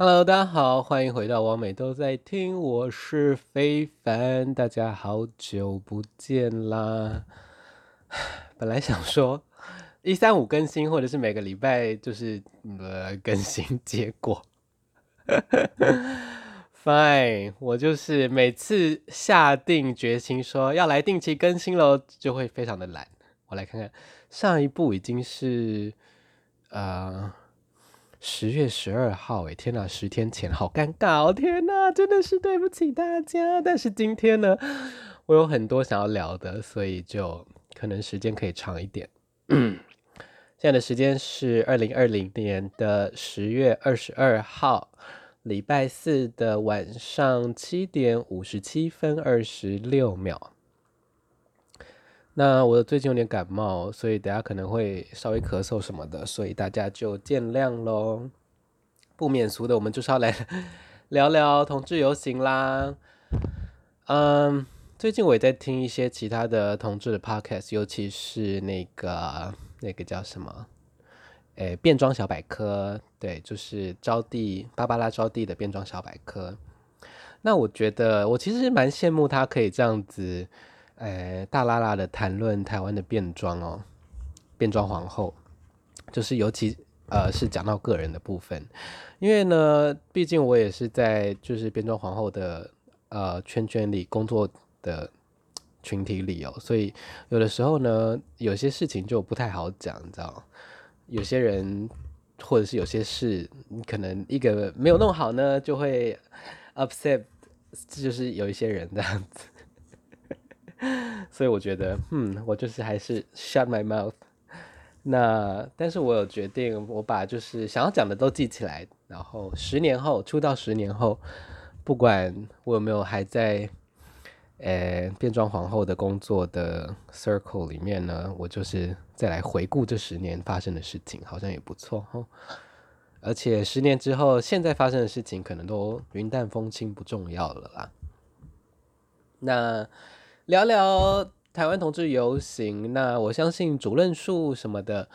Hello，大家好，歡迎回到《網美都在聽》，我是非凡，大家好久不見啦！ 本來想說一三五更新，或者是每個禮拜就是呃更新結果 ，Fine，我就是每次下定決心說要來定期更新嘍，就會非常的懶。我來看看上一部已經是啊。呃十月十二號，哎，天吶，十天前，好尷尬，哦，天吶，真的是對不起大家。但是今天呢，我有很多想要聊的，所以就可能時間可以長一點。 現在的時間是二零二零年的十月二十二號，禮拜四的晚上七點五十七分二十六秒。那我最近有點感冒，所以等下可能會稍微咳嗽什麼的，所以大家就見諒嘍。不免俗的，我們就是要來 聊聊同志遊行啦。嗯，最近我也在聽一些其他的同志的 podcast，尤其是那個那個叫什麼？誒、欸，變裝小百科，對，就是招娣、芭芭拉招娣的變裝小百科。那我覺得我其實蠻羨慕他可以這樣子。呃、哎，大啦啦的談論台灣的變裝哦，變裝皇後，就是尤其呃是講到個人的部分，因為呢，畢竟我也是在就是變裝皇後的呃圈圈裡工作的群體裡哦，所以有的時候呢，有些事情就不太好講，你知道，有些人或者是有些事，你可能一個沒有弄好呢，就會 upset，就是有一些人這樣子。 所以我覺得，嗯，我就是還是 shut my mouth。那，但是我有決定，我把就是想要講的都記起來。然後，十年後出道，初到十年後，不管我有沒有還在，呃、欸，變裝皇後的工作的 circle 裡面呢，我就是再來回顧這十年發生的事情，好像也不錯。而且，十年之後現在發生的事情，可能都雲淡風輕，不重要了啦。那。聊聊台灣同志遊行，那我相信主任數什麼的，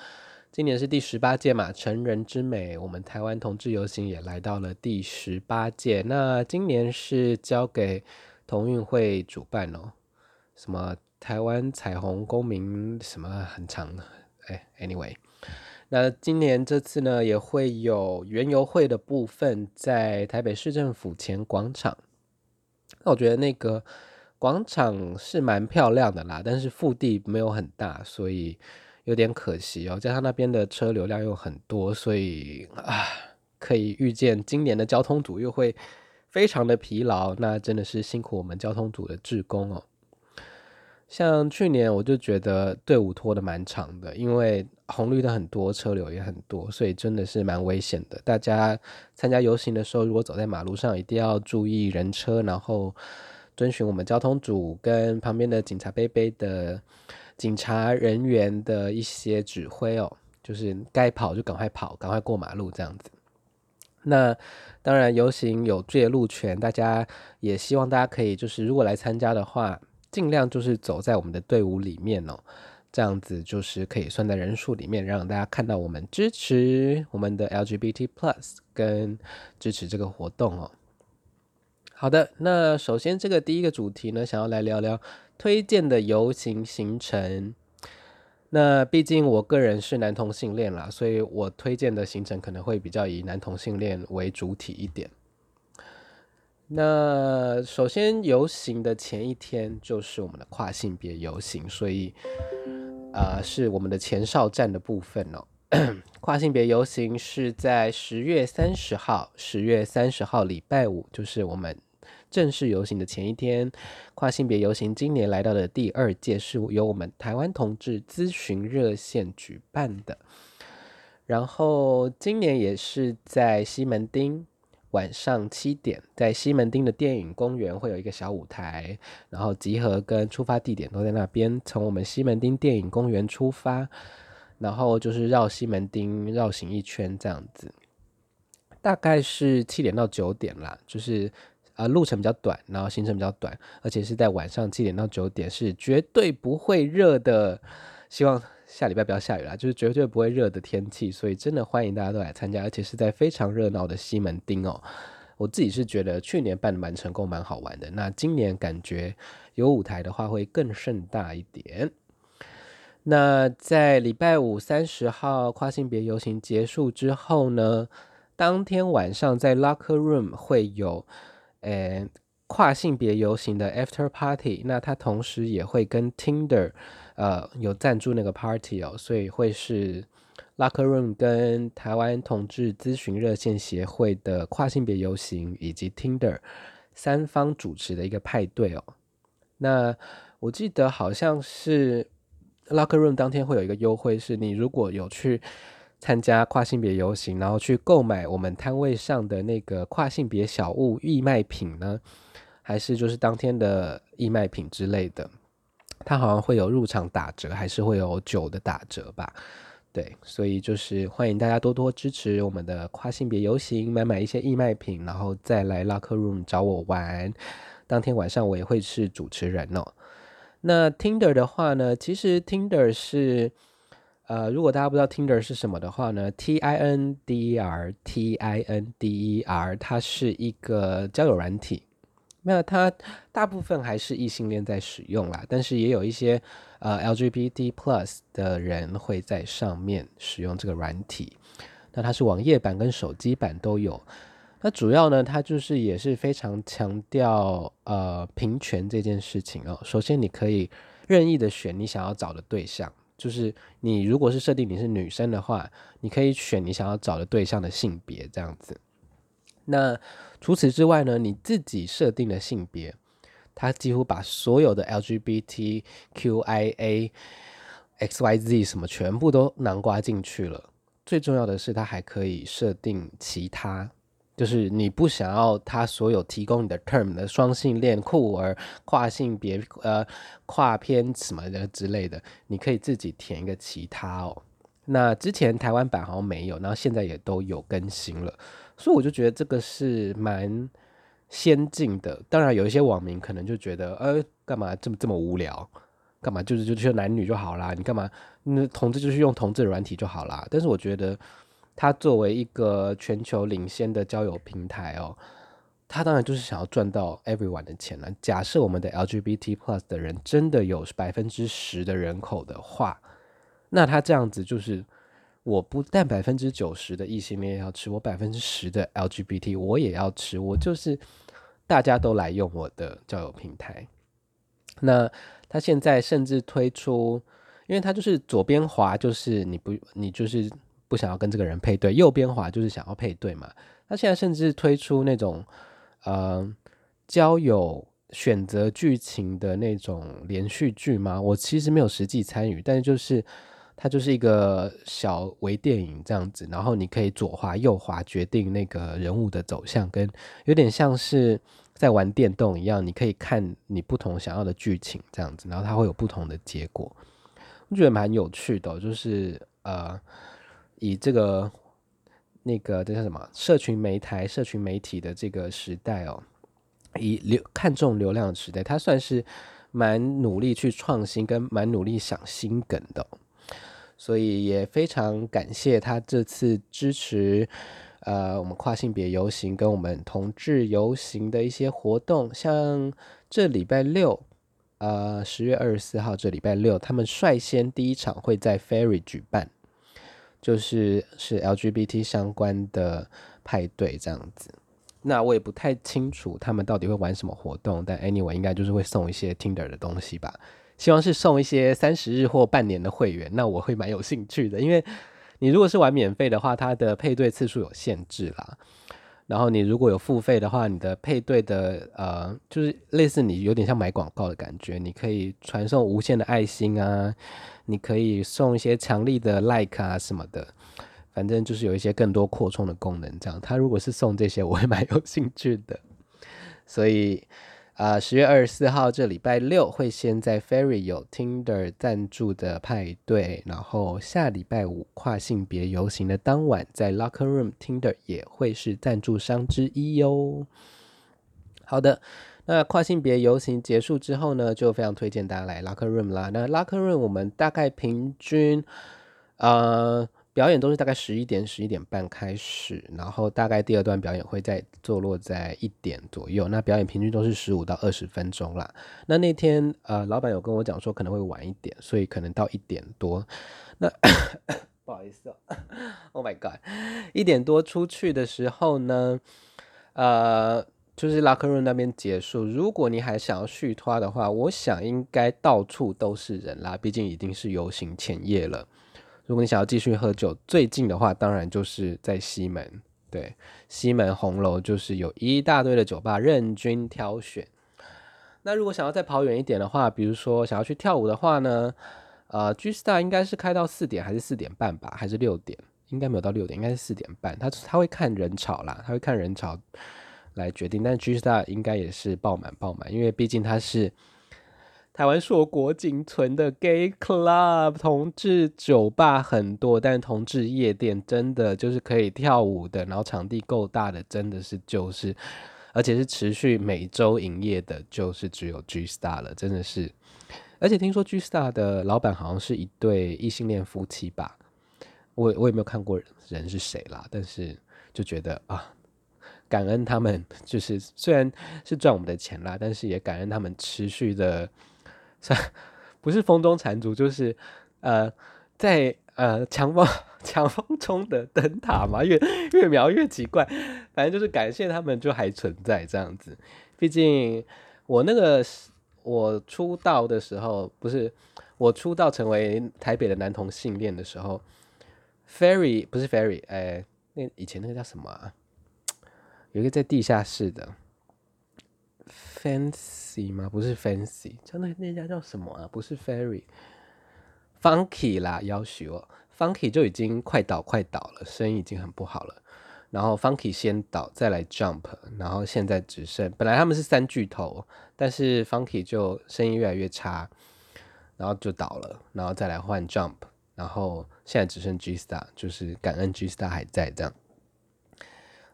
今年是第十八屆嘛，成人之美，我們台灣同志遊行也來到了第十八屆。那今年是交給同運會主辦哦，什麼台灣彩虹公民什麼很長的哎，anyway，那今年這次呢也會有園遊會的部分在台北市政府前廣場。那我覺得那個。廣場是蠻漂亮的啦，但是腹地沒有很大，所以有點可惜哦。加上那邊的車流量又很多，所以啊，可以預見今年的交通組又會非常的疲勞。那真的是辛苦我們交通組的志工哦。像去年我就覺得隊伍拖得蠻長的，因為紅綠燈很多，車流也很多，所以真的是蠻危險的。大家參加遊行的時候，如果走在馬路上，一定要注意人車，然後。遵循我們交通組跟旁邊的警察杯杯的警察人員的一些指揮哦，就是該跑就趕快跑，趕快過馬路這樣子。那當然遊行有借路權，大家也希望大家可以就是如果來參加的話，儘量就是走在我們的隊伍裡面哦，這樣子就是可以算在人數裡面，讓大家看到我們支持我們的 LGBT plus 跟支持這個活動哦。好的，那首先這個第一個主題呢，想要來聊聊推薦的遊行行程。那畢竟我個人是男同性戀啦，所以我推薦的行程可能會比較以男同性戀為主體一點。那首先遊行的前一天就是我們的跨性別遊行，所以啊、呃、是我們的前哨站的部分哦。 跨性別遊行是在十月三十號，十月三十號禮拜五，就是我們。正式遊行的前一天，跨性別遊行今年來到的第二屆是由我們台灣同志諮詢熱線舉辦的。然後今年也是在西門町，晚上七點，在西門町的電影公園會有一個小舞台，然後集合跟出發地點都在那邊。從我們西門町電影公園出發，然後就是繞西門町繞行一圈這樣子，大概是七點到九點啦，就是。啊、呃，路程比較短，然後行程比較短，而且是在晚上七點到九點，是絕對不會熱的。希望下禮拜不要下雨啦，就是絕對不會熱的天氣，所以真的歡迎大家都來參加，而且是在非常熱鬧的西門町哦、喔。我自己是覺得去年辦的蠻成功、蠻好玩的。那今年感覺有舞台的話會更盛大一點。那在禮拜五三十號跨性別遊行結束之後呢，當天晚上在 Locker Room 會有。誒，跨性別遊行的 After Party，那它同時也會跟 Tinder，呃，有贊助那個 Party 哦，所以會是 Locker Room 跟台灣同志諮詢熱線協會的跨性別遊行以及 Tinder 三方主持的一個派對哦。那我記得好像是 Locker Room 當天會有一個優惠，是你如果有去。參加跨性別遊行，然後去購買我們攤位上的那個跨性別小物義賣品呢，還是就是當天的義賣品之類的？它好像會有入場打折，還是會有酒的打折吧？對，所以就是歡迎大家多多支持我們的跨性別遊行，買買一些義賣品，然後再來 Locker Room 找我玩。當天晚上我也會是主持人哦。那 Tinder 的話呢？其實 Tinder 是。呃，如果大家不知道 Tinder 是什麼的話呢，T I N D E R T I N D E R，它是一個交友軟體。那它大部分還是異性戀在使用啦，但是也有一些呃 L G B T Plus 的人會在上面使用這個軟體。那它是網頁版跟手機版都有。那主要呢，它就是也是非常強調呃平權這件事情哦。首先，你可以任意的選你想要找的對象。就是你如果是設定你是女生的話，你可以選你想要找的對象的性別這樣子。那除此之外呢，你自己設定的性別，它幾乎把所有的 LGBTQIA XYZ 什麼全部都囊括進去了。最重要的是，它還可以設定其他。就是你不想要他所有提供你的 term 的雙性戀、酷兒、跨性別、呃、跨片什麼的之類的，你可以自己填一個其他哦。那之前台灣版好像沒有，然後現在也都有更新了，所以我就覺得這個是蠻先進的。當然有一些網民可能就覺得，呃，幹嘛這麼這麼無聊？幹嘛就是就、就男女就好啦？你幹嘛那、嗯、同志就是用同志的軟體就好啦。但是我覺得。他作為一個全球領先的交友平台哦，他當然就是想要賺到 everyone 的錢了。假設我們的 LGBT plus 的人真的有百分之十的人口的話，那他這樣子就是，我不但百分之九十的異性戀要吃，我百分之十的 LGBT 我也要吃，我就是大家都來用我的交友平台。那他現在甚至推出，因為他就是左邊滑，就是你不你就是。不想要跟這個人配對，右邊滑就是想要配對嘛。他現在甚至推出那種呃，交友選擇劇情的那種連續劇嗎。我其實沒有實際參與，但是就是它就是一個小微電影這樣子，然後你可以左滑右滑決定那個人物的走向，跟有點像是在玩電動一樣，你可以看你不同想要的劇情這樣子，然後它會有不同的結果。我覺得蠻有趣的哦，就是呃。以這個、那個，這叫什麼？社群媒體、社群媒體的這個時代哦，以流看重流量的時代，他算是蠻努力去創新，跟蠻努力想新梗的，哦，所以也非常感謝他這次支持，呃，我們跨性別遊行跟我們同志遊行的一些活動，像這禮拜六，呃，十月二十四號這禮拜六，他們率先第一場會在 Fairy 舉辦。就是是 LGBT 相關的派對這樣子，那我也不太清楚他們到底會玩什麼活動，但 anyway 應該就是會送一些 Tinder 的東西吧。希望是送一些三十日或半年的會員，那我會蠻有興趣的，因為你如果是玩免費的話，它的配對次數有限制啦。然後你如果有付費的話，你的配對的呃，就是類似你有點像買廣告的感覺，你可以傳送無限的愛心啊。你可以送一些強力的 like 啊什麼的，反正就是有一些更多擴充的功能。這樣，他如果是送這些，我也蠻有興趣的。所以，啊、呃，十月二十四號這禮拜六會先在 Fairy 有 Tinder 贊助的派對，然後下禮拜五跨性別遊行的當晚，在 Locker Room Tinder 也會是贊助商之一喲。好的。那跨性別遊行結束之後呢，就非常推薦大家來 Locker Room 啦。那 Locker Room 我們大概平均，呃，表演都是大概十一點、十一點半開始，然後大概第二段表演會再坐落在一點左右。那表演平均都是十五到二十分鐘啦。那那天呃，老闆有跟我講說可能會晚一點，所以可能到一點多。那 不好意思哦、喔、 ，Oh my God，一點多出去的時候呢，呃。就是 Locker Room 那邊結束。如果你還想要續攤的話，我想應該到處都是人啦，畢竟已經是遊行前夜了。如果你想要繼續喝酒，最近的話當然就是在西門，對，西門紅樓就是有一大堆的酒吧任君挑選。那如果想要再跑遠一點的話，比如說想要去跳舞的話呢，呃，G-Star 應該是開到四點還是四點半吧，還是六點？應該沒有到六點，應該是四點半。他他會看人潮啦，他會看人潮。來決定，但 G Star 應該也是爆滿爆滿，因為畢竟它是台灣碩果僅存的 Gay Club 同志酒吧，很多，但是同志夜店真的就是可以跳舞的，然後場地夠大的，真的是就是，而且是持續每週營業的，就是只有 G Star 了，真的是。而且聽說 G Star 的老闆好像是一對異性戀夫妻吧，我我也沒有看過人，人是誰啦，但是就覺得啊。感恩他們，就是雖然是賺我們的錢啦，但是也感恩他們持續的，算不是風中殘燭，就是呃，在呃強風強風中的燈塔嘛。越越描越奇怪，反正就是感謝他們就還存在這樣子。畢竟我那個我出道的時候，不是我出道成為台北的男同性戀的時候，Fairy 不是 Fairy，哎、欸，那以前那個叫什麼、啊？有一個在地下室的，Fancy 嗎？不是 Fancy，真的那家叫什麼啊？不是 Fairy，Funky 啦，要許我，Funky 就已經快倒快倒了，生意已經很不好了。然後 Funky 先倒，再來 Jump，然後現在只剩本來他們是三巨頭，但是 Funky 就生意越來越差，然後就倒了，然後再來換 Jump，然後現在只剩 G Star，就是感恩 G Star 還在這樣。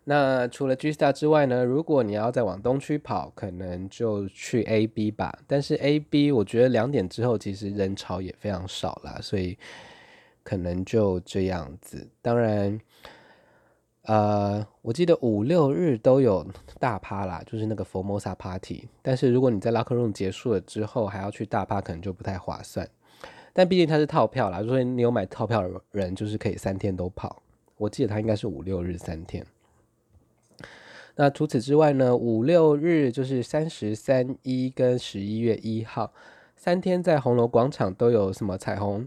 那除了 G Star 之外呢？如果你要再往東區跑，可能就去 A B 吧。但是 A B，我覺得兩點之後其實人潮也非常少了，所以可能就這樣子。當然，呃，我記得五六日都有大趴啦，就是那個 Formosa Party。但是如果你在 Locker Room 結束了之後還要去大趴，可能就不太划算。但畢竟它是套票啦，所以你有買套票的人就是可以三天都跑。我記得它應該是五六日三天。那除此之外呢？五六日就是三十三一跟十一月一號，三天在紅樓廣場都有什麼彩虹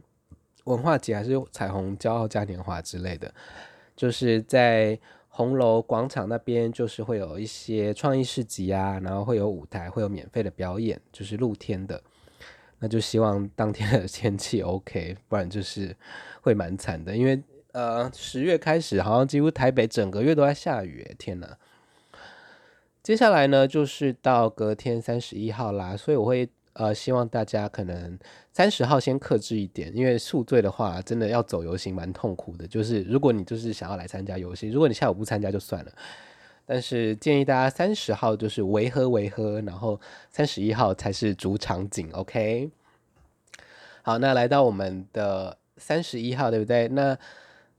文化節，還是彩虹驕傲嘉年華之類的？就是在紅樓廣場那邊，就是會有一些創意市集啊，然後會有舞台，會有免費的表演，就是露天的。那就希望當天的天氣 OK，不然就是會蠻慘的，因為呃，十月開始好像幾乎台北整個月都在下雨、欸，天哪！接下來呢，就是到隔天三十一號啦，所以我會呃希望大家可能三十號先克制一點，因為宿醉的話真的要走遊行蠻痛苦的。就是如果你就是想要來參加遊行，如果你下午不參加就算了，但是建議大家三十號就是微喝微喝，然後三十一號才是主場景，OK？好，那來到我們的三十一號，對不對？那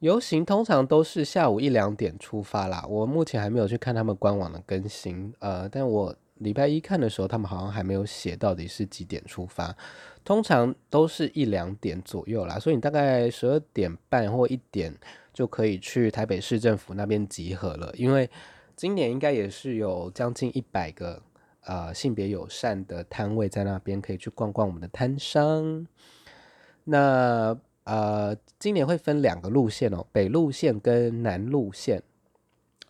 遊行通常都是下午一兩點出發啦。我目前還沒有去看他們官網的更新，呃，但我禮拜一看的時候，他們好像還沒有寫到底是幾點出發。通常都是一兩點左右啦，所以你大概十二點半或一點就可以去台北市政府那邊集合了。因為今年應該也是有將近一百個呃性別友善的攤位在那邊，可以去逛逛我們的攤商。那。呃，今年會分兩個路線哦，北路線跟南路線。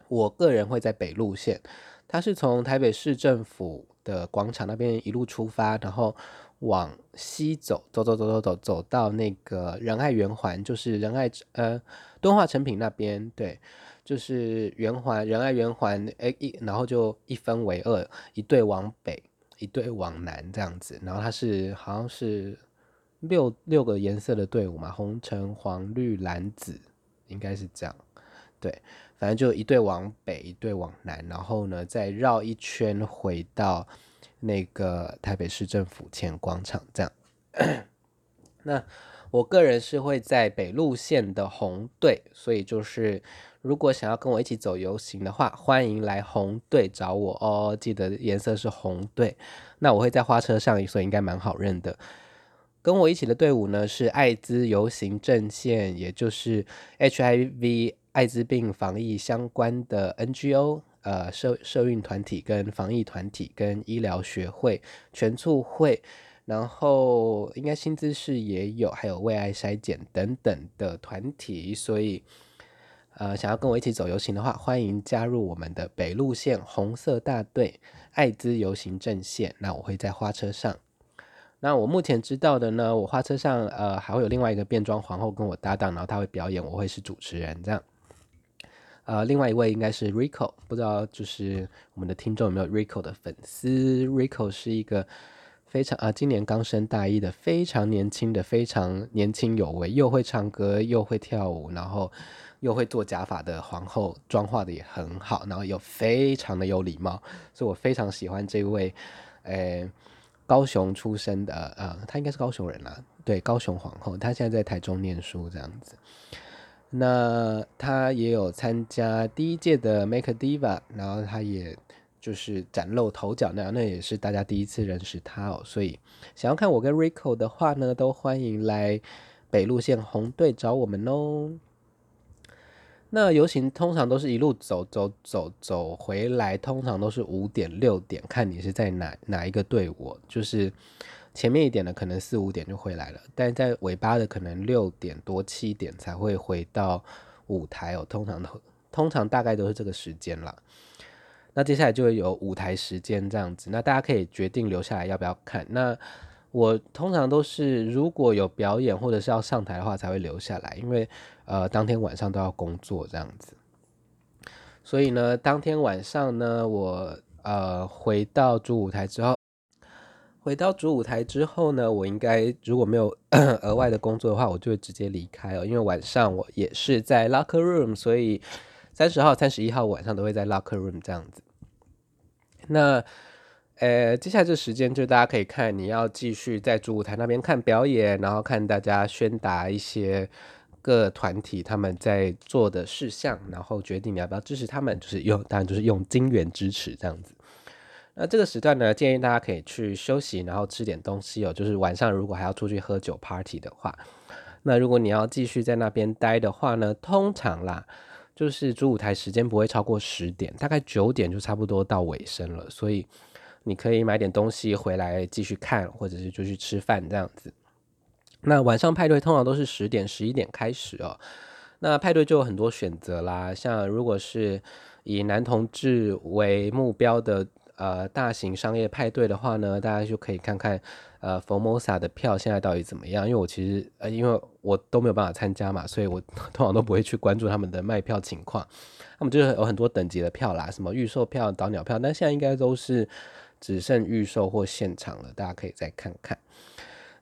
我個人會在北路線，它是從台北市政府的廣場那邊一路出發，然後往西走，走走走走走走到那個仁愛圓環，就是仁愛呃敦化誠品那邊，對，就是圓環仁愛圓環，哎、欸、一然後就一分為二，一隊往北，一隊往南這樣子，然後它是好像是。六六個顏色的隊伍嘛，紅、橙、黃、綠、藍、紫，應該是這樣。對，反正就一隊往北，一隊往南，然後呢，再繞一圈回到那個台北市政府前廣場。這樣。 那我個人是會在北路線的紅隊，所以就是如果想要跟我一起走遊行的話，歡迎來紅隊找我哦。記得顏色是紅隊。那我會在花車上，所以應該蠻好認的。跟我一起的隊伍呢是艾滋遊行陣線，也就是 HIV 艾滋病防疫相關的 NGO，呃，社社運團體跟防疫團體跟醫療學會全促會，然後應該新滋識也有，還有為愛篩檢等等的團體，所以呃，想要跟我一起走遊行的話，歡迎加入我們的北路線紅色大隊艾滋遊行陣線，那我會在花車上。那我目前知道的呢，我花車上呃還會有另外一個變裝皇後跟我搭檔，然後她會表演，我會是主持人這樣。呃，另外一位應該是 Rico，不知道就是我們的聽眾有沒有 Rico 的粉絲？Rico 是一個非常啊、呃，今年剛升大一的非常年輕的、非常年輕有為，又會唱歌又會跳舞，然後又會做假髮的皇後，妝化的也很好，然後又非常的有禮貌，所以我非常喜歡這位，呃、欸。高雄出生的，啊、呃，他應該是高雄人啦、啊。對，高雄皇後，他現在在台中念書這樣子。那他也有參加第一屆的 Make Diva，然後他也就是嶄露頭角那樣，那那也是大家第一次認識他哦。所以，想要看我跟 Rico 的話呢，都歡迎來北路線紅隊找我們哦。那遊行通常都是一路走走走走回來，通常都是五點六點，看你是在哪哪一個隊伍，就是前面一點的可能四五點就回來了，但在尾巴的可能六點多七點才會回到舞台哦。通常通常大概都是這個時間了。那接下來就會有舞台時間這樣子，那大家可以決定留下來要不要看。那我通常都是如果有表演或者是要上台的話才會留下來，因為。呃，當天晚上都要工作這樣子，所以呢，當天晚上呢，我呃回到主舞台之後，回到主舞台之後呢，我應該如果沒有額外的工作的話，我就會直接離開哦、喔，因為晚上我也是在 locker room，所以三十號、三十一號晚上都會在 locker room 這樣子。那呃、欸，接下來這時間就大家可以看，你要繼續在主舞台那邊看表演，然後看大家宣達一些。各團體他們在做的事項，然後決定你要不要支持他們，就是用，當然就是用金援支持這樣子。那這個時段呢，建議大家可以去休息，然後吃點東西哦、喔。就是晚上如果還要出去喝酒、party 的話，那如果你要繼續在那邊待的話呢，通常啦，就是主舞台時間不會超過十點，大概九點就差不多到尾聲了。所以你可以買點東西回來繼續看，或者是就去吃飯這樣子。那晚上派對通常都是十點、十一點開始哦。那派對就有很多選擇啦，像如果是以男同志為目標的呃大型商業派對的話呢，大家就可以看看呃 Formosa 的票現在到底怎麼樣。因為我其實呃因為我都沒有辦法參加嘛，所以我通常都不會去關注他們的賣票情況。他們就是有很多等級的票啦，什麼預售票、早鳥票，但現在應該都是只剩預售或現場了，大家可以再看看。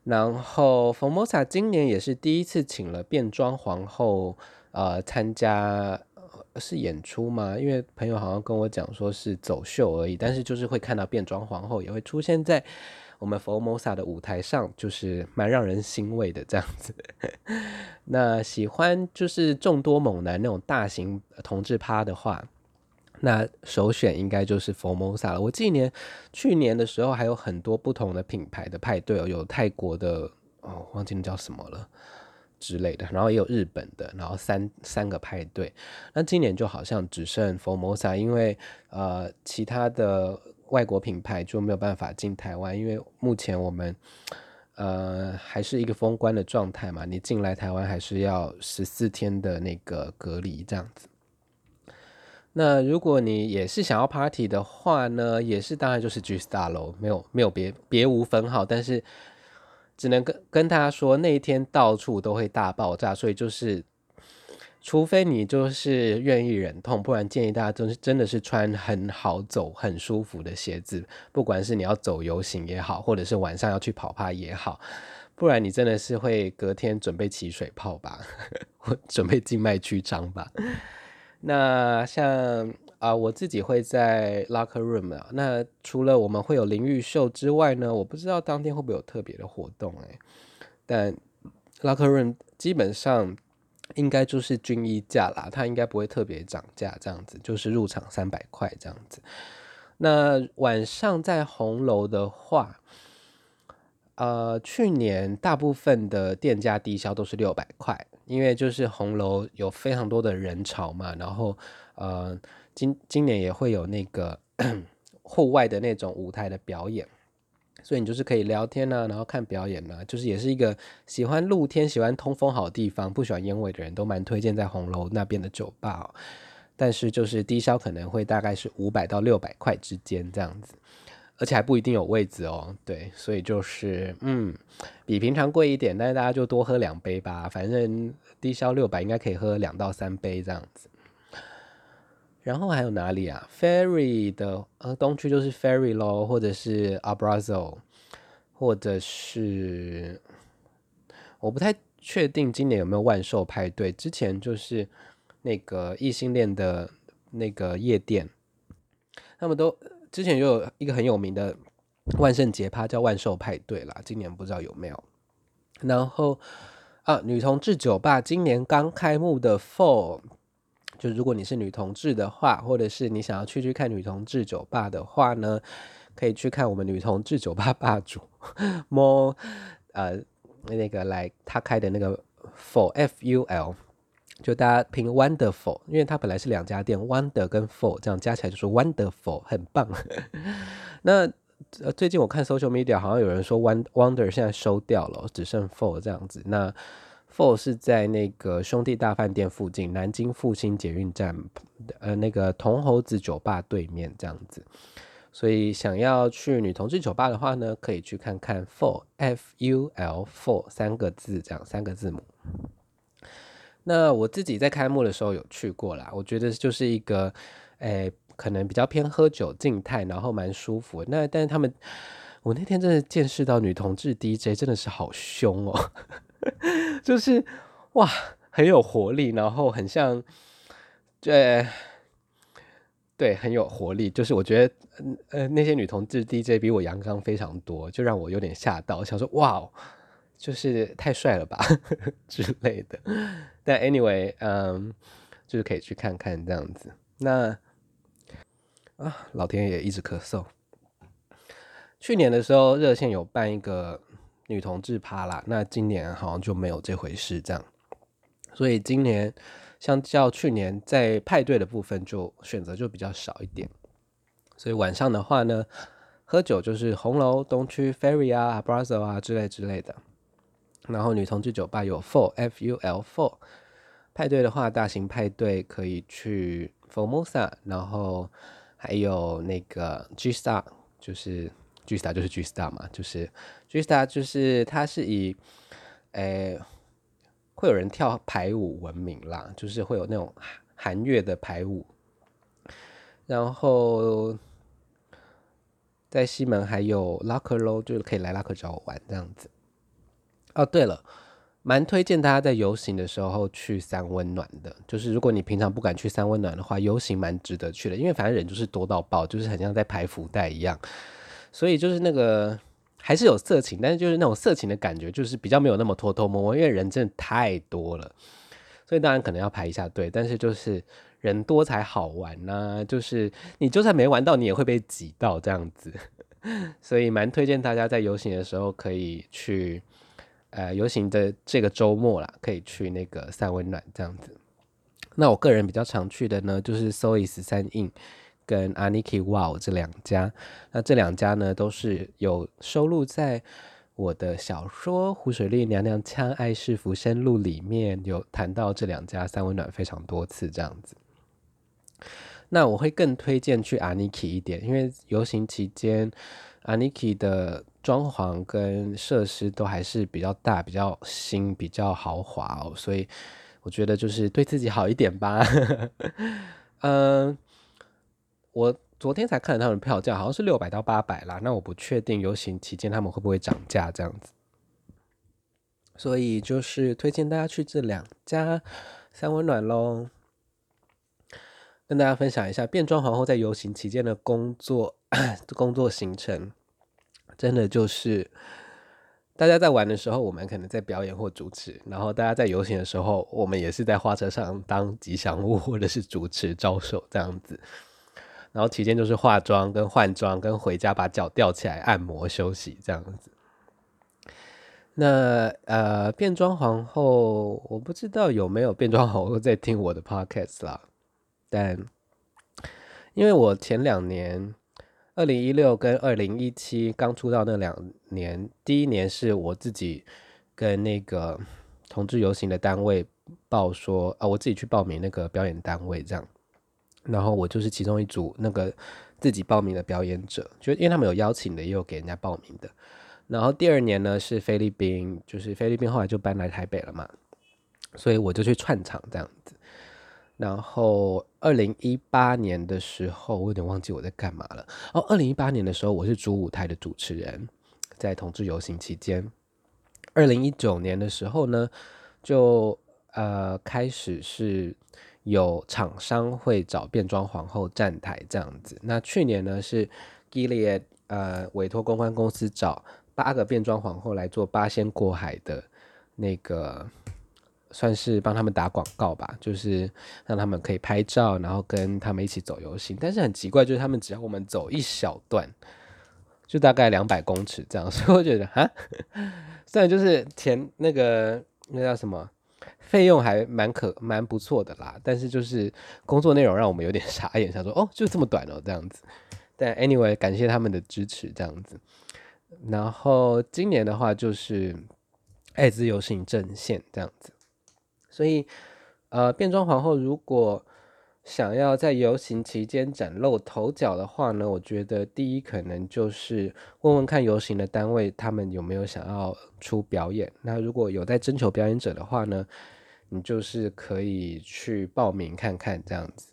然後，Formosa 今年也是第一次請了變裝皇後，呃，參加是演出嗎？因為朋友好像跟我講說是走秀而已，但是就是會看到變裝皇後也會出現在我們 Formosa 的舞台上，就是蠻讓人欣慰的這樣子。 那喜歡就是眾多猛男那種大型同志趴的話。那首選應該就是 Formosa 了。我今年、去年的時候還有很多不同的品牌的派對哦，有泰國的哦，忘記你叫什麼了之類的，然後也有日本的，然後三三個派對。那今年就好像只剩 Formosa，因為呃，其他的外國品牌就沒有辦法進台灣，因為目前我們呃還是一個封關的狀態嘛，你進來台灣還是要十四天的那個隔離這樣子。那如果你也是想要 party 的話呢，也是當然就是 G*star 囉，沒有沒有別別無分號。但是只能跟跟大家說，那一天到處都會大爆炸，所以就是除非你就是願意忍痛，不然建議大家真真的是穿很好走、很舒服的鞋子，不管是你要走遊行也好，或者是晚上要去跑趴也好，不然你真的是會隔天準備起水泡吧，我準備靜脈曲張吧。 那像啊、呃，我自己會在 Locker Room 啊。那除了我們會有淋浴秀之外呢，我不知道當天會不會有特別的活動誒、欸。但 Locker Room 基本上應該就是均一價啦，它應該不會特別漲價，這樣子就是入場三百塊這樣子。那晚上在紅樓的話，呃，去年大部分的店家低消都是六百塊。因為就是紅樓有非常多的人潮嘛，然後呃今今年也會有那個戶外的那種舞台的表演，所以你就是可以聊天啊，然後看表演啊，就是也是一個喜歡露天、喜歡通風好地方、不喜歡煙味的人都蠻推薦在紅樓那邊的酒吧哦，但是就是低消可能會大概是五百到六百塊之間這樣子。而且還不一定有位置哦，對，所以就是嗯，比平常貴一點，但是大家就多喝兩杯吧，反正低消六百應該可以喝兩到三杯這樣子。然後還有哪裡啊？Fairy 的、呃、東區就是 Fairy 咯，或者是 Abrazo 或者是我不太確定今年有沒有萬壽派對。之前就是那個異性戀的那個夜店，他們都。之前就有一個很有名的萬聖節趴叫萬獸派對啦，今年不知道有沒有。然後啊，女同志酒吧今年剛開幕的 FUL，就如果你是女同志的話，或者是你想要去去看女同志酒吧的話呢，可以去看我們女同志酒吧霸主 More，呃，那個來他開的那個 FUL F U L。就大家拼 wonderful，因為它本來是兩家店，wonder 跟 ful，這樣加起來就是 wonderful，很棒。 那最近我看 social media，好像有人說 wonder 現在收掉了，只剩 ful 這樣子。那 ful 是在那個兄弟大飯店附近，南京復興捷運站，呃，那個銅猴子酒吧對面這樣子。所以想要去女同志酒吧的話呢，可以去看看 ful F U L ful 三個字，這樣三個字母。那我自己在開幕的時候有去過啦，我覺得就是一個，欸，可能比較偏喝酒靜態，然後蠻舒服。那但是他們，我那天真的見識到女同志 DJ 真的是好凶喔， 就是哇很有活力，然後很像，對對很有活力，就是我覺得呃那些女同志 DJ 比我陽剛非常多，就讓我有點嚇到，我想說哇喔，就是太帥了吧之類的。但 Anyway，嗯、um，就是可以去看看這樣子。那啊，老天爺一直咳嗽。去年的時候，熱線有辦一個女同志趴啦，那今年好像就沒有這回事這樣。所以今年相較去年，在派對的部分就選擇就比較少一點。所以晚上的話呢，喝酒就是紅樓、東區、Ferry 啊、Brasil 啊，啊之類之類的。然後女同志酒吧有 Ful，F U L Ful，派對的話，大型派對可以去 Formosa，然後還有那個 G Star，就是 G Star 就是 G Star 嘛，就是 G Star 就是它是以誒會有人跳排舞聞名啦，就是會有那種韓樂的排舞。然後在西門還有 Locker Room，就是可以來 Locker 找我玩這樣子。哦，對了，蠻推薦大家在遊行的時候去三溫暖的。就是如果你平常不敢去三溫暖的話，遊行蠻值得去的，因為反正人就是多到爆，就是很像在排福袋一樣。所以就是那個還是有色情，但是就是那種色情的感覺，就是比較沒有那麼偷偷摸摸，因為人真的太多了。所以當然可能要排一下隊，但是就是人多才好玩呢、啊。就是你就算沒玩到，你也會被擠到這樣子。所以蠻推薦大家在遊行的時候可以去。呃，遊行的這個周末啦，可以去那個三溫暖這樣子。那我個人比較常去的呢，就是 soi13in 跟 Aniki Wow 這兩家。那這兩家呢，都是有收錄在我的小說《湖水綠娘娘腔愛是浮生錄》裡面，有談到這兩家三溫暖非常多次這樣子。那我會更推薦去 Aniki 一點，因為遊行期間 Aniki 的裝潢跟設施都還是比較大，比較新，比較豪華哦，所以我覺得就是對自己好一點吧。 嗯，我昨天才看了他們的票價，好像是六百到八百啦。那我不確定遊行期間他們會不會漲價這樣子，所以就是推薦大家去這兩家三溫暖嘍。跟大家分享一下變裝皇後在遊行期間的工作，工作行程。真的就是，大家在玩的時候，我們可能在表演或主持；然後大家在遊行的時候，我們也是在花車上當吉祥物或者是主持招手這樣子。然後期間就是化妝、跟換裝、跟回家把腳吊起來按摩休息這樣子。那呃，變裝皇後，我不知道有沒有變裝皇後在聽我的 podcast 啦。但因為我前兩年。二零一六跟二零一七剛出道那兩年，第一年是我自己跟那個同志遊行的單位報說啊，我自己去報名那個表演單位這樣，然後我就是其中一組那個自己報名的表演者，就因為他們有邀請的，也有給人家報名的。然後第二年呢，是菲律賓，就是菲律賓後來就搬來台北了嘛，所以我就去串場這樣子。然後，二零一八年的時候，我有點忘記我在幹嘛了。哦，二零一八年的時候，我是主舞台的主持人，在同志遊行期間。二零一九年的時候呢，就、呃、開始是有廠商會找變裝皇后站台這樣子。那去年呢是 Gillette 呃委託公關公司找八個變裝皇後來做八仙過海的那個。算是幫他們打廣告吧，就是讓他們可以拍照，然後跟他們一起走遊行。但是很奇怪，就是他們只要我們走一小段，就大概兩百公尺這樣子。所以我覺得哈，雖然就是錢那個那叫什麼費用還蠻可蠻不錯的啦，但是就是工作內容讓我們有點傻眼，想說哦就這麼短哦，喔、這樣子。但 anyway，感謝他們的支持這樣子。然後今年的話就是艾滋遊行陣線這樣子。所以，呃，變裝皇后如果想要在遊行期間嶄露頭角的話呢，我覺得第一可能就是問問看遊行的單位他們有沒有想要出表演。那如果有在徵求表演者的話呢，你就是可以去報名看看這樣子。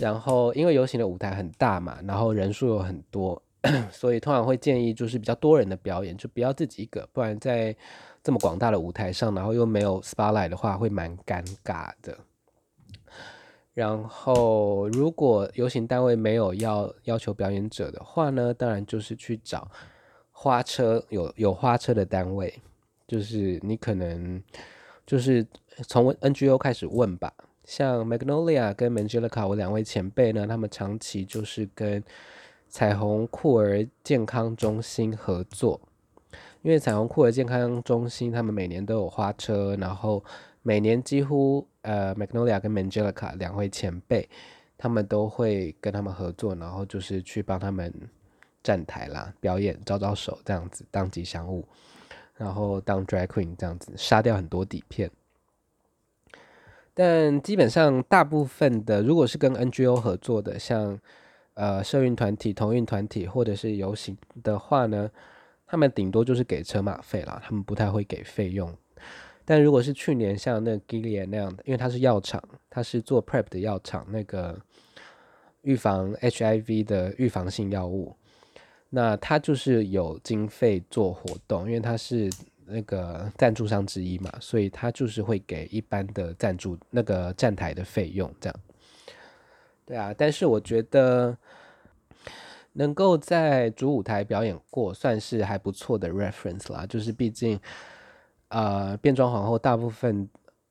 然後，因為遊行的舞台很大嘛，然後人數又很多。 所以通常會建議就是比較多人的表演，就不要自己一個，不然在這麼廣大的舞台上，然後又沒有 spotlight 的話，會蠻尷尬的。然後如果遊行單位沒有要要求表演者的話呢，當然就是去找花車，有有花車的單位，就是你可能就是從 NGO 開始問吧。像 Magnolia 跟 Mangelica，我兩位前輩呢，他們長期就是跟彩虹酷兒健康中心合作，因為彩虹酷兒健康中心他們每年都有花車，然後每年幾乎呃 Magnolia 跟 Mangelica 兩位前輩，他們都會跟他們合作，然後就是去幫他們站台啦、表演、招招手這樣子當吉祥物，然後當 drag queen 這樣子殺掉很多底片。但基本上大部分的如果是跟 NGO 合作的，像呃，社運團體、同運團體或者是遊行的話呢，他們頂多就是給車馬費啦，他們不太會給費用。但如果是去年像那 Gilead 那樣的，因為它是藥廠，它是做 Prep 的藥廠，那個預防 HIV 的預防性藥物，那它就是有經費做活動，因為它是那個贊助商之一嘛，所以它就是會給一般的贊助，那個站台的費用這樣。對啊，但是我覺得能夠在主舞台表演過，算是還不錯的 reference 啦。就是畢竟，呃，變裝皇後大部分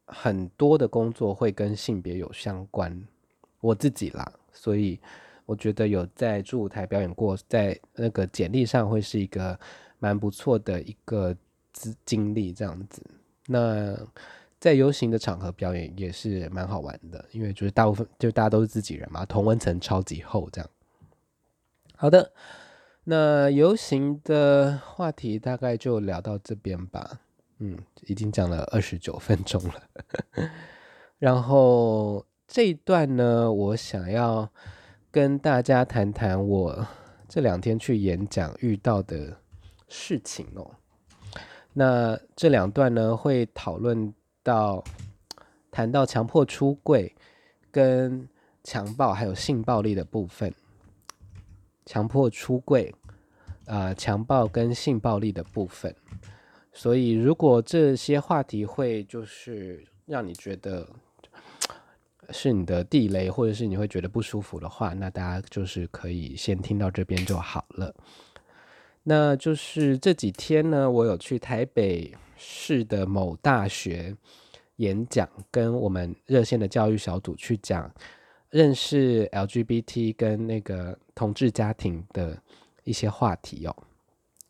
很多的工作會跟性別有相關，我自己啦，所以我覺得有在主舞台表演過，在那個簡歷上會是一個蠻不錯的一個資經歷這樣子。那。在遊行的場合表演也是蠻好玩的，因為就是大部分就大家都是自己人嘛，同溫層超級厚這樣。好的，那遊行的話題大概就聊到這邊吧。嗯，已經講了二十九分鐘了。 然後這一段呢，我想要跟大家談談我這兩天去演講遇到的事情哦。那這兩段呢，會討論。到談到強迫出櫃、跟強暴還有性暴力的部分，強迫出櫃、啊、呃、強暴跟性暴力的部分，所以如果這些話題會就是讓你覺得是你的地雷，或者是你會覺得不舒服的話，那大家就是可以先聽到這邊就好了。那就是這幾天呢，我有去台北市的某大學演講，跟我們熱線的教育小組去講認識 LGBT 跟那個同志家庭的一些話題哦、喔。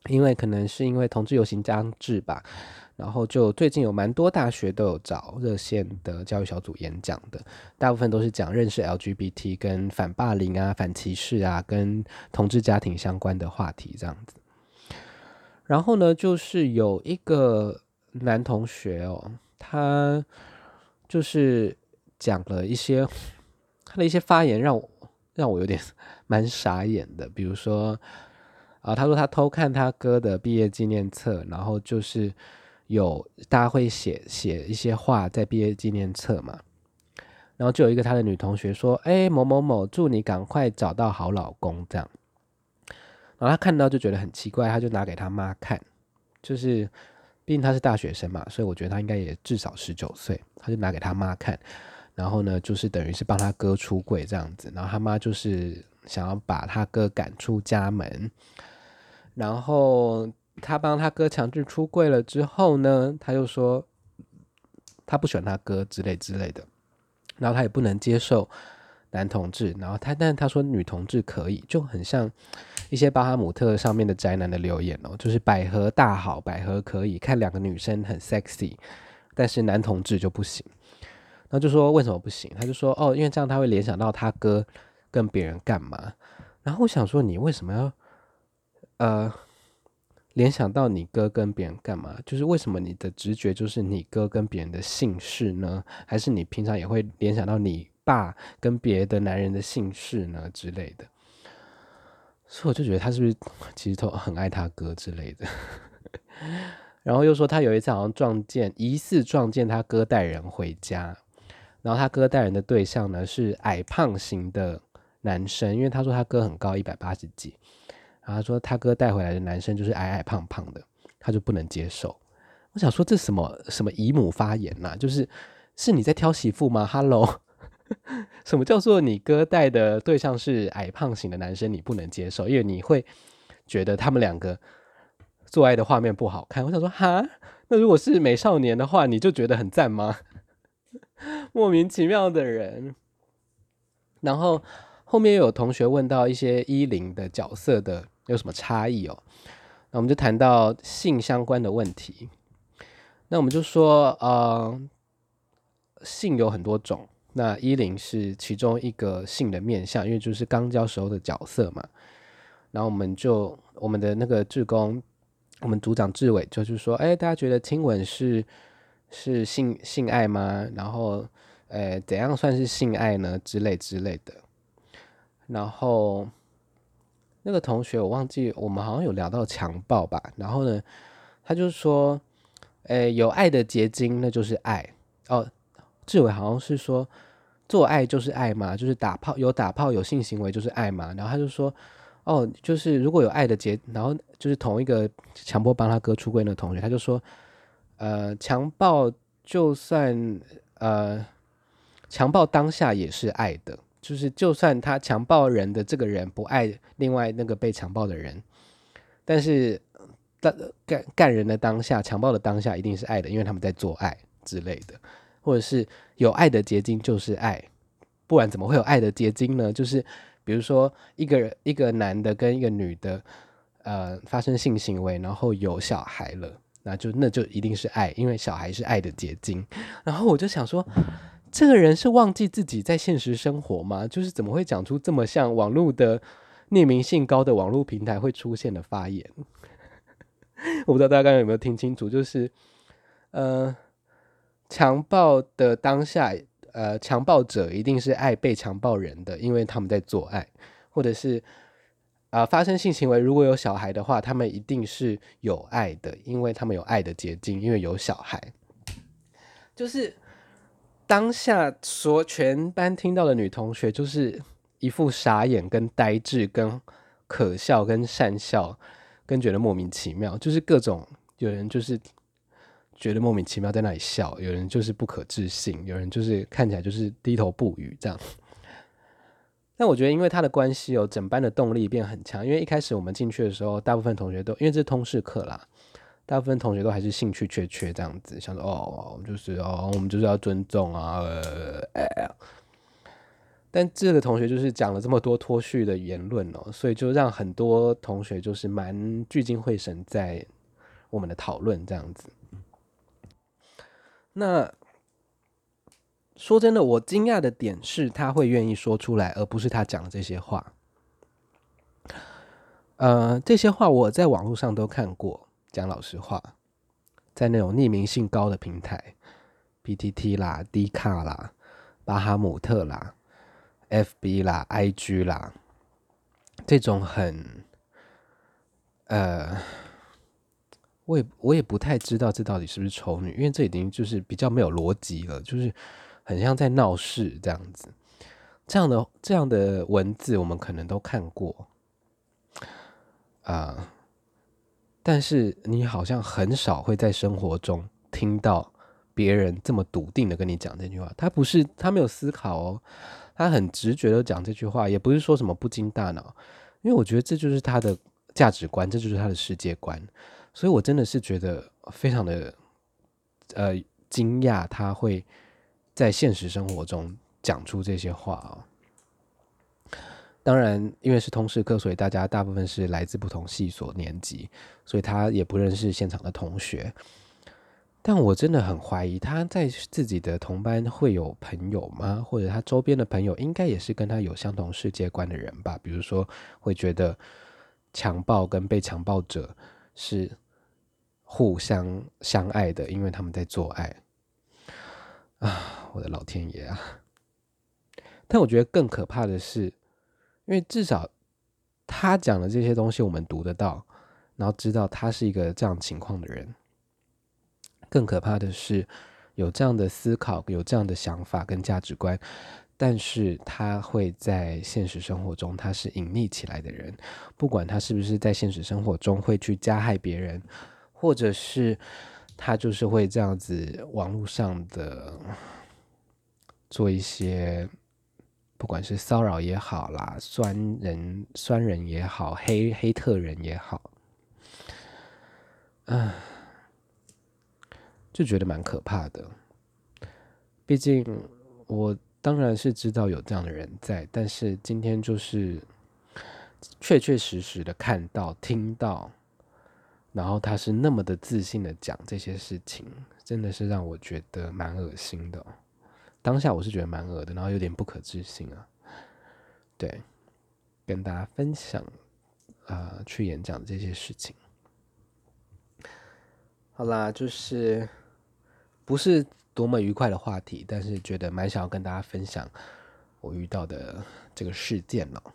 因為可能是因為同志遊行將至吧，然後就最近有蠻多大學都有找熱線的教育小組演講的，大部分都是講認識 LGBT 跟反霸凌啊、反歧視啊、跟同志家庭相關的話題這樣子。然後呢，就是有一個男同學哦，他就是講了一些他的一些發言，讓我讓我有點蠻傻眼的。比如說啊、呃，他說他偷看他哥的畢業紀念冊，然後就是有大家會寫寫一些話在畢業紀念冊嘛，然後就有一個他的女同學說：“哎，某某某，祝你趕快找到好老公。”這樣。然後他看到就覺得很奇怪，他就拿給他媽看，就是，畢竟他是大學生嘛，所以我覺得他應該也至少十九歲，他就拿給他媽看，然後呢，就是等於是幫他哥出櫃這樣子，然後他媽就是想要把他哥趕出家門，然後他幫他哥強制出櫃了之後呢，他又說他不喜歡他哥之類之類的，然後他也不能接受男同志，然後他，但他說女同志可以，就很像。一些巴哈姆特上面的宅男的留言哦，就是百合大好，百合可以看兩個女生很 sexy，但是男同志就不行。然後就說為什麼不行？他就說哦，因為這樣他會聯想到他哥跟別人幹嘛。然後我想說，你為什麼要呃聯想到你哥跟別人幹嘛？就是為什麼你的直覺就是你哥跟別人的性事呢？還是你平常也會聯想到你爸跟別的男人的性事呢之類的？所以我就覺得他是不是其實都很愛他哥之類的，然後又說他有一次好像撞見疑似撞見他哥帶人回家，然後他哥帶人的對象呢是矮胖型的男生，因為他說他哥很高，一百八十幾，然後他說他哥帶回來的男生就是矮矮胖胖的，他就不能接受。我想說這什麼什麼姨母發言吶、啊，就是是你在挑媳婦嗎？哈嘍什麼叫做你哥帶的對象是矮胖型的男生，你不能接受，因為你會覺得他們兩個做愛的畫面不好看。我想說，哈，那如果是美少年的話，你就覺得很贊嗎？ 莫名其妙的人。然後後面有同學問到一些一零的角色的有什麼差異哦、喔，那我們就談到性相關的問題。那我們就說，呃，性有很多種。那伊琳是其中一個性的面相，因為就是剛交時候的角色嘛。然後我們就我們的那個志工，我們組長志偉就是說：“哎，大家覺得親吻是是性性愛嗎？然後，呃、哎，怎樣算是性愛呢？之類之類的。”然後那個同學我忘記，我們好像有聊到強暴吧？然後呢，他就說：“呃、哎，有愛的結晶，那就是愛。”哦。志偉好像是說，做愛就是愛嘛，就是打炮有打炮有性行為就是愛嘛。然後他就說，哦，就是如果有愛的結，然後就是同一個強迫幫他哥出櫃那個同學，他就說，呃，強暴就算呃，強暴當下也是愛的，就是就算他強暴人的這個人不愛另外那個被強暴的人，但是幹幹人的當下，強暴的當下一定是愛的，因為他們在做愛之類的。或者是有愛的結晶就是愛，不然怎麼會有愛的結晶呢？就是比如說，一個人一個男的跟一個女的，呃，發生性行為，然後有小孩了，那就那就一定是愛，因為小孩是愛的結晶。然後我就想說，這個人是忘記自己在現實生活嗎？就是怎麼會講出這麼像網絡的匿名性高的網絡平台會出現的發言？ 我不知道大家剛剛有沒有聽清楚，就是，呃。強暴的當下，呃，強暴者一定是愛被強暴人的，因為他們在做愛，或者是啊、呃，發生性行為。如果有小孩的話，他們一定是有愛的，因為他們有愛的結晶，因為有小孩。就是當下說，全班聽到的女同學就是一副傻眼、跟呆滯、跟可笑、跟善笑、跟覺得莫名其妙，就是各種有人就是。覺得莫名其妙在那裡笑，有人就是不可置信，有人就是看起來就是低頭不語這樣。但我覺得，因為他的關係、哦，有整班的動力變很強。因為一開始我們進去的時候，大部分同學都因為這是通識課啦，大部分同學都還是興趣缺缺這樣子，想說哦，就是哦，我們就是要尊重啊、呃呃。但這個同學就是講了這麼多脫序的言論哦，所以就讓很多同學就是蠻聚精會神在我們的討論這樣子。那說真的，我驚訝的點是他會願意說出來，而不是他講的這些話。呃，這些話我在網絡上都看過，講老實話，在那種匿名性高的平台，PTT 啦、D 卡啦、巴哈姆特啦、FB 啦、IG 啦，這種很呃。我也我也不太知道這到底是不是仇女，因為這已經就是比較沒有邏輯了，就是很像在鬧事這樣子。這樣的這樣的文字我們可能都看過啊，呃，但是你好像很少會在生活中聽到別人這麼篤定的跟你講這句話。他不是他沒有思考哦，他很直覺的講這句話，也不是說什麼不經大腦，因為我覺得這就是他的價值觀，這就是他的世界觀。所以，我真的是覺得非常的，呃，驚訝，他會，在現實生活中講出這些話哦。當然，因為是通識課，所以大家大部分是來自不同系所、年級，所以他也不認識現場的同學。但我真的很懷疑，他在自己的同班會有朋友嗎？或者他周邊的朋友，應該也是跟他有相同世界觀的人吧？比如說，會覺得，強暴跟被強暴者是。互相相愛的，因為他們在做愛啊！我的老天爺啊！但我覺得更可怕的是，因為至少他講的這些東西我們讀得到，然後知道他是一個這樣情況的人。更可怕的是，有這樣的思考、有這樣的想法跟價值觀，但是他會在現實生活中，他是隱匿起來的人。不管他是不是在現實生活中會去加害別人。或者是他就是會這樣子，網絡上的做一些，不管是騷擾也好啦，酸人酸人也好，黑黑特人也好，啊，就覺得蠻可怕的。畢竟我當然是知道有這樣的人在，但是今天就是確確實實的看到、聽到。然後他是那麼的自信地講這些事情，真的是讓我覺得蠻噁心的哦。當下我是覺得蠻噁的，然後有點不可置信啊。對，跟大家分享，呃，去演講這些事情。好啦，就是不是多麼愉快的話題，但是覺得蠻想要跟大家分享我遇到的這個事件了哦。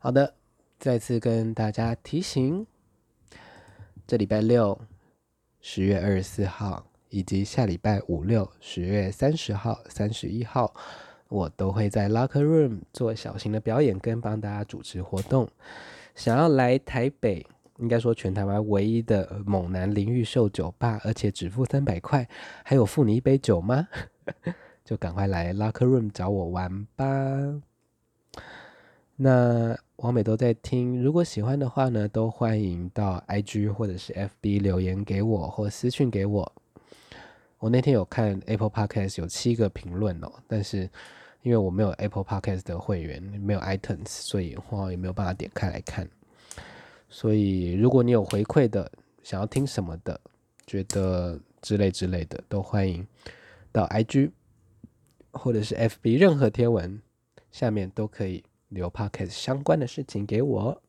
好的，再次跟大家提醒。這禮拜六，十月二十四號，以及下禮拜五六，十月三十號、三十一號，我都會在 Locker Room 做小型的表演，跟幫大家主持活動。想要來台北，應該說全台灣唯一的猛男淋浴秀酒吧，而且只付三百塊，還有付你一杯酒嗎？ 就趕快來 Locker Room 找我玩吧。那。我網美都在聽，如果喜歡的話呢，都歡迎到 I G 或者是 F B 留言給我，或私訊給我。我那天有看 Apple Podcast 有七個評論哦，但是因為我沒有 Apple Podcast 的會員，沒有 Items，所以話也沒有辦法點開來看。所以如果你有回饋的，想要聽什麼的，覺得之類之類的，都歡迎到 I G 或者是 F B 任何貼文下面都可以。留 podcast 相關的事情給我，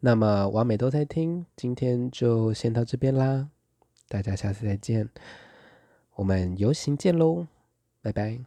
那麼完美都在聽，今天就先到這邊啦，大家下次再見，我們遊行見嘍，拜拜。